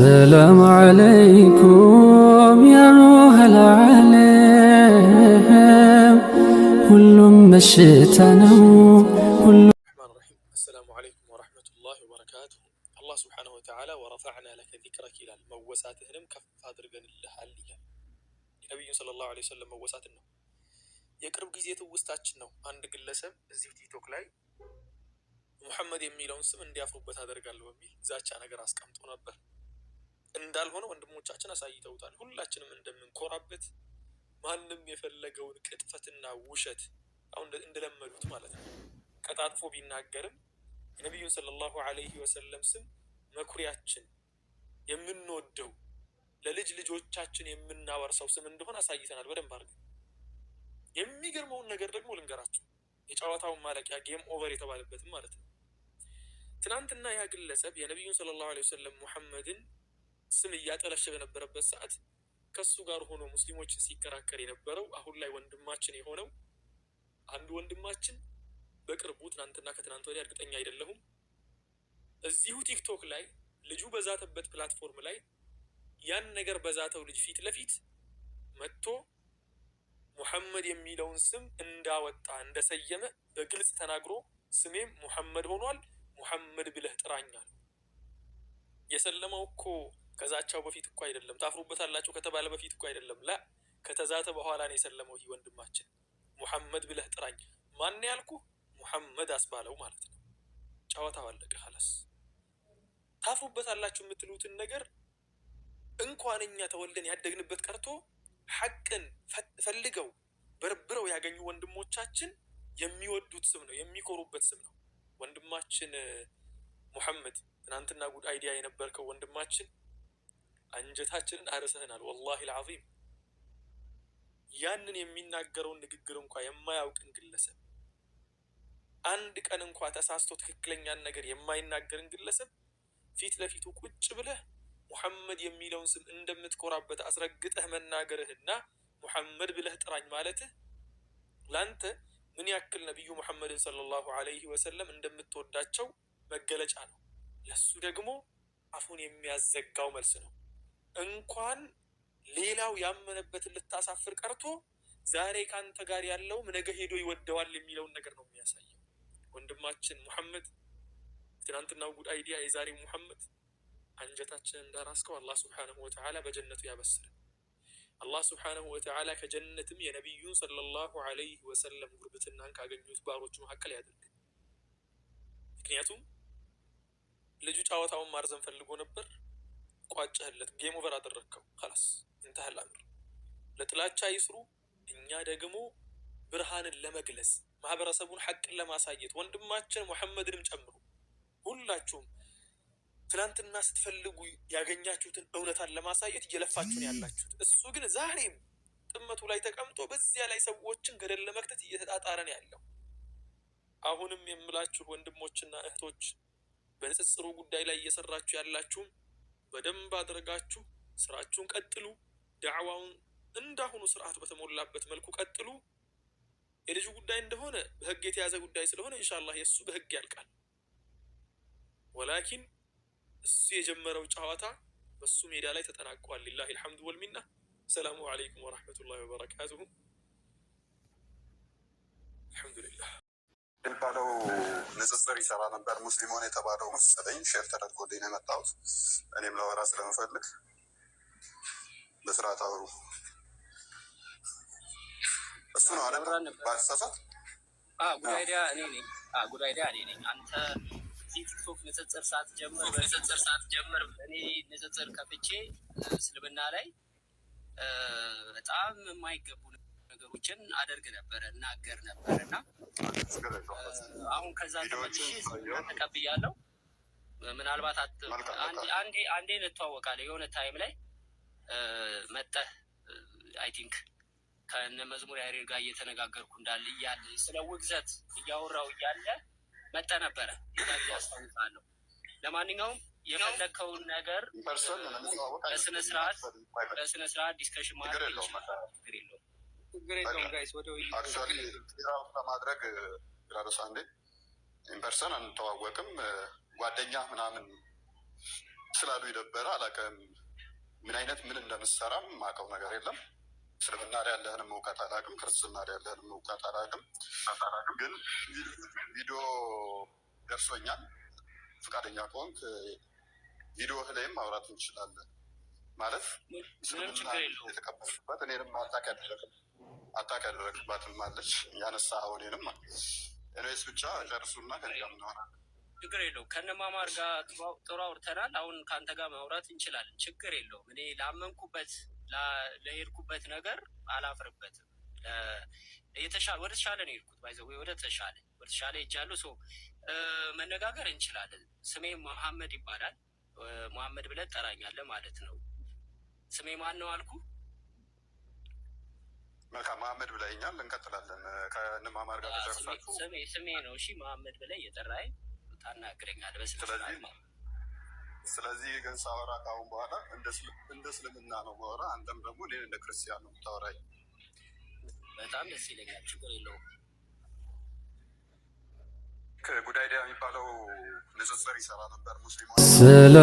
ሰላም አለይኩም ያ ሩሐል ዓለም ሁሉም መሽታ ነው። አሰላሙ አለይኩም ወረሕመቱላሂ ወበረካቱ። አላህ ስብሓነሁ ወተዓላ ወረፈዕና ለከ ዚክረክ ይላል። መወሳትህንም ከፍ አድርገንልሃል ይላል። የነቢዩን ሰለላሁ ዓለይሂ ወሰለም መወሳትን ነው። የቅርብ ጊዜ ትውስታችን ነው። አንድ ግለሰብ እዚሁ ቲክቶክ ላይ ሙሐመድ የሚለውን ስም እንዲያፍሩበት አደርጋለሁ በሚል ዛቻ ነገር አስቀምጦ ነበር። እንዳልሆነ ወንድሞቻችን አሳይተውታል። ሁላችንም እንደምንኮራበት ማንም የፈለገውን ቅጥፈትና ውሸት አሁን እንደለመዱት ማለት ነው ቀጣጥፎ ቢናገርም የነቢዩን ሰለላሁ አለይህ ወሰለም ስም መኩሪያችን የምንወደው ለልጅ ልጆቻችን የምናወርሰው ስም እንደሆነ አሳይተናል በደንብ አድርገን። የሚገርመውን ነገር ደግሞ ልንገራቸው የጨዋታውን ማለቂያ ጌም ኦቨር የተባለበትም ማለት ነው። ትናንትና ያ ግለሰብ የነቢዩን ሰለላሁ አለይሂ ወሰለም ሙሐመድን ስም እያጠለሸ በነበረበት ሰዓት ከሱ ጋር ሆኖ ሙስሊሞችን ሲከራከር የነበረው አሁን ላይ ወንድማችን የሆነው አንዱ ወንድማችን በቅርቡ ትናንትና ከትናንት ወዲያ እርግጠኛ አይደለሁም፣ እዚሁ ቲክቶክ ላይ ልጁ በዛተበት ፕላትፎርም ላይ ያን ነገር በዛተው ልጅ ፊት ለፊት መጥቶ ሙሐመድ የሚለውን ስም እንዳወጣ እንደሰየመ በግልጽ ተናግሮ ስሜም ሙሐመድ ሆኗል፣ ሙሐመድ ብለህ ጥራኛል። የሰለመው እኮ ከዛቻው በፊት እኮ አይደለም፣ ታፍሩበታላችሁ ከተባለ በፊት እኮ አይደለም። ላ ከተዛተ በኋላ ነው የሰለመው። ይህ ወንድማችን ሙሐመድ ብለህ ጥራኝ። ማን ያልኩ? ሙሐመድ አስባለው ማለት ነው። ጨዋታው አለቀ። ኸላስ ታፍሩበታላችሁ የምትሉትን ነገር እንኳን እኛ ተወልደን ያደግንበት ቀርቶ ሐቅን ፈልገው በርብረው ያገኙ ወንድሞቻችን የሚወዱት ስም ነው፣ የሚኮሩበት ስም ነው። ወንድማችን ሙሐመድ ትናንትና ጉድ አይዲያ የነበርከው ወንድማችን አንጀታችንን አርሰህናል። ወላሂ ልዓዚም ያንን የሚናገረውን ንግግር እንኳ የማያውቅን ግለሰብ አንድ ቀን እንኳ ተሳስቶ ትክክለኛን ነገር የማይናገርን ግለሰብ ፊት ለፊቱ ቁጭ ብለህ ሙሐመድ የሚለውን ስም እንደምትኮራበት አስረግጠህ መናገርህና ሙሐመድ ብለህ ጥራኝ ማለትህ ለአንተ ምን ያክል ነቢዩ ሙሐመድን ሰለላሁ አለይህ ወሰለም እንደምትወዳቸው መገለጫ ነው። ለሱ ደግሞ አፉን የሚያዘጋው መልስ ነው። እንኳን ሌላው ያመነበትን ልታሳፍር ቀርቶ ዛሬ ከአንተ ጋር ያለውም ነገ ሄዶ ይወደዋል የሚለውን ነገር ነው የሚያሳየው። ወንድማችን ሙሐመድ ትናንትናው ጉድ አይዲያ የዛሬ ሙሐመድ አንጀታችንን እንዳራስከው አላህ ስብሓነሁ ወተዓላ በጀነቱ ያበስልን። አላህ ስብሓነሁ ወተዓላ ከጀነትም የነቢዩን ሰለላሁ አለይህ ወሰለም ጉርብትናን ካገኙት ባሮች መካከል ያደርግን። ምክንያቱም ልጁ ጨዋታውን ማርዘን ፈልጎ ነበር። ቋጨህለት። ጌም ኦቨር አደረግከው። ከላስ እንተህል አምር ለጥላቻ ይስሩ። እኛ ደግሞ ብርሃንን ለመግለጽ ማህበረሰቡን ሐቅን ለማሳየት ወንድማችን ሙሐመድንም ጨምሩ ሁላችሁም ትናንትና ስትፈልጉ ያገኛችሁትን እውነታን ለማሳየት እየለፋችሁን ያላችሁት፣ እሱ ግን ዛሬም ጥመቱ ላይ ተቀምጦ በዚያ ላይ ሰዎችን ገደል ለመክተት እየተጣጣረን ያለው። አሁንም የምላችሁ ወንድሞችና እህቶች በንጽጽሩ ጉዳይ ላይ እየሰራችሁ ያላችሁም በደንብ አድርጋችሁ ስራችሁን ቀጥሉ። ዳዕዋውን እንዳሁኑ ስርዓት በተሞላበት መልኩ ቀጥሉ። የልጁ ጉዳይ እንደሆነ በህግ የተያዘ ጉዳይ ስለሆነ ኢንሻላህ የእሱ በህግ ያልቃል። ወላኪን እሱ የጀመረው ጨዋታ በሱ ሜዳ ላይ ተጠናቋል። ሊላህ ልሐምዱ ወልሚና። ሰላሙ አለይኩም ወረሕመቱላህ ወበረካቱሁ። አልሐምዱሊላህ ንጽጽር ይሰራ ነበር። ሙስሊም ሆነ የተባለው መሰለኝ ሼር ተደርጎልኝ የመጣሁት። እኔም ለወራ ስለምፈልግ በስርዓት አውሩ። እሱ ነው አለ ባልሳሳት ጉድ እኔ ነኝ። ጉድ እኔ ነኝ። አንተ እዚህ ቲክቶክ ንጽጽር ሰዓት ጀምር ንጽጽር ሰዓት ጀምር። እኔ ንጽጽር ከፍቼ እስልምና ላይ በጣም የማይገቡ ነገሮችን አደርግ ነበረ እናገር ነበር እና አሁን ከዛ ተመልሼ ተቀብያለሁ። ምናልባት አንዴ አንዴ እንተዋወቃለን የሆነ ታይም ላይ መጠህ አይ ቲንክ ከነ መዝሙር ያሬድ ጋር እየተነጋገርኩ እንዳለ እያለ ስለ ውግዘት እያወራው እያለ መጠ ነበረ ያስታውቃለሁ። ለማንኛውም የፈለግከውን ነገር በስነስርዓት በስነስርዓት ዲስከሽን ማድረግ ይችላል። አክቹዋሊ ራሱ ለማድረግ ራሱ አንዴ ኢንፐርሰን አንተዋወቅም ጓደኛ ምናምን ስላሉ ይደበረ አላውቅም። ምን አይነት ምን እንደምሰራም ማቀው ነገር የለም። እስልምና ላይ ያለህንም እውቀት አላውቅም። ክርስትና ላይ ያለህንም እውቀት አላውቅም። ግን ቪዲዮ ደርሶኛል። ፈቃደኛ ከሆንክ ቪዲዮ ላይም ማውራት እንችላለን። ማለት ስልምና የተቀበልኩበት እኔንም ማታቅ ያደረግም አታክ ያደረግባትም አለች ያነሳ ወኔንም እኔስ ብቻ ጨርሱና ከዚያም ምንሆናል ችግር የለው ከነማማር ጋር ጥሩ አውርተናል። አሁን ከአንተ ጋር ማውራት እንችላለን። ችግር የለውም። እኔ ላመንኩበት ለሄድኩበት ነገር አላፍርበትም። የተሻለ ወደ ተሻለ ነው የሄድኩት። ባይዘ ወደ ተሻለ ወደ ተሻለ ሄጃለሁ። ሰው መነጋገር እንችላለን። ስሜ መሐመድ ይባላል። መሐመድ ብለህ ትጠራኛለህ ማለት ነው። ስሜ ማን ነው አልኩህ? መልካም መሀመድ ብለኛል። እንቀጥላለን። ከንማማር ጋር ተደርሳችሁ ስሜ ነው። እሺ መሀመድ ብለህ እየጠራኸኝ ታናግረኛል። ስለዚህ ግን ሳወራ ካሁን በኋላ እንደ እስልምና ነው ማወራ፣ አንተም ደግሞ እኔን እንደ ክርስቲያን ነው የምታወራኝ። በጣም ደስ ይለኛል። ችግር የለውም። ጉዳይ ዳ የሚባለው ንጽጽር ይሰራ ነበር ሙስሊሞች